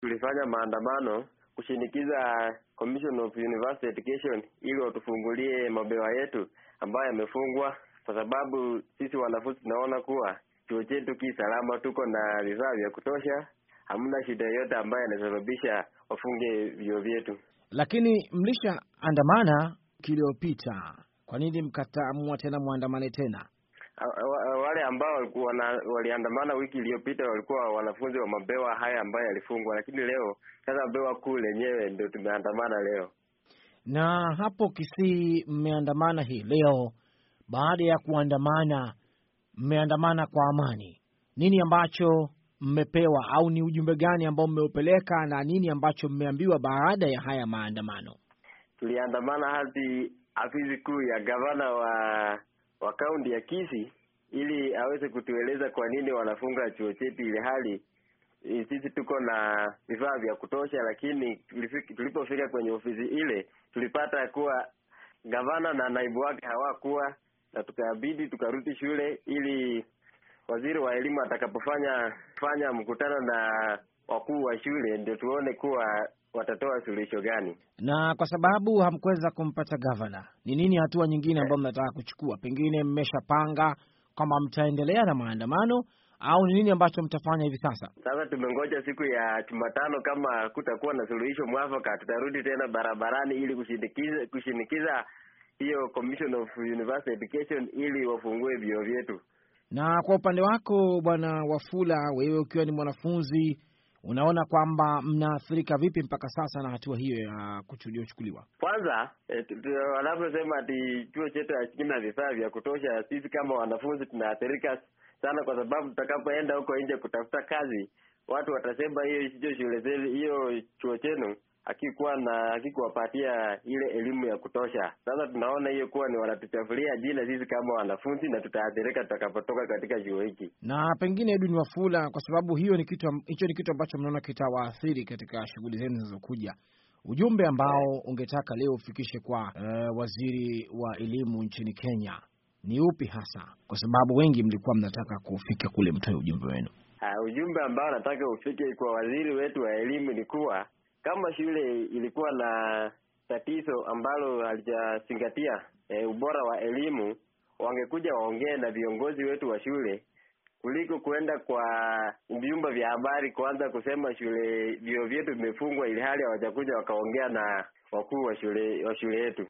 Tulifanya maandamano kushinikiza Commission of University Education ili watufungulie mabewa yetu ambayo yamefungwa, kwa sababu sisi wanafunzi tunaona kuwa chuo chetu ki salama, tuko na vifaa vya kutosha, hamna shida yoyote ambayo yanasababisha wafunge vyuo vyetu. Lakini mlisha andamana kiliyopita, kwa nini mkatamua tena mwandamane tena? wale ambao walikuwa waliandamana wiki iliyopita walikuwa wanafunzi wa mabewa haya ambayo yalifungwa, lakini leo sasa mabewa kuu lenyewe ndio tumeandamana leo. Na hapo Kisii mmeandamana hii leo, baada ya kuandamana mmeandamana kwa amani, nini ambacho mmepewa au ni ujumbe gani ambao mmeupeleka na nini ambacho mmeambiwa baada ya haya maandamano? Tuliandamana hadi afisi kuu ya gavana wa wa kaunti ya Kisii ili aweze kutueleza kwa nini wanafunga chuo chetu, ili hali e, sisi tuko na vifaa vya kutosha, lakini tulipofika kwenye ofisi ile tulipata kuwa gavana na naibu wake hawakuwa, na tukabidi tukarudi shule ili waziri wa elimu atakapofanya fanya mkutano na wakuu wa shule ndio tuone kuwa watatoa suluhisho gani. Na kwa sababu hamkuweza kumpata gavana, ni nini hatua nyingine ambayo mnataka kuchukua? Pengine mmeshapanga kwamba mtaendelea na maandamano au ni nini ambacho mtafanya hivi sasa? Sasa tumengoja siku ya Jumatano, kama kutakuwa na suluhisho mwafaka, tutarudi tena barabarani ili kushinikiza kushinikiza hiyo Commission of University Education ili wafungue vyuo vyetu. Na kwa upande wako Bwana Wafula, wewe ukiwa ni mwanafunzi Unaona kwamba mnaathirika vipi mpaka sasa na hatua hiyo ya kuchukuliwa? Kwanza eh, wanavyosema ati chuo chetu hakina vifaa vya kutosha, sisi kama wanafunzi tunaathirika sana, kwa sababu tutakapoenda huko nje kutafuta kazi watu watasema hiyo sio shule, hiyo chuo chenu akikuwa na akikuwapatia ile elimu ya kutosha. Sasa tunaona hiyo kuwa ni wanatuchafulia jina sisi kama wanafunzi, na tutaathirika tutakapotoka katika chuo hiki. Na pengine Edwin Wafula, kwa sababu hiyo ni kitu hicho ni kitu ambacho mnaona kitawaathiri katika shughuli zenu zinazokuja, ujumbe ambao ungetaka leo ufikishe kwa uh, waziri wa elimu nchini Kenya ni upi hasa, kwa sababu wengi mlikuwa mnataka kufika kule mtoe ujumbe wenu? Uh, ujumbe ambao nataka ufike kwa waziri wetu wa elimu ni kuwa kama shule ilikuwa na tatizo ambalo halijazingatia e, ubora wa elimu, wangekuja waongee na viongozi wetu wa shule kuliko kuenda kwa vyumba vya habari kuanza kusema shule vio vyetu vimefungwa, ili hali hawajakuja wakaongea na wakuu wa shule wa shule yetu.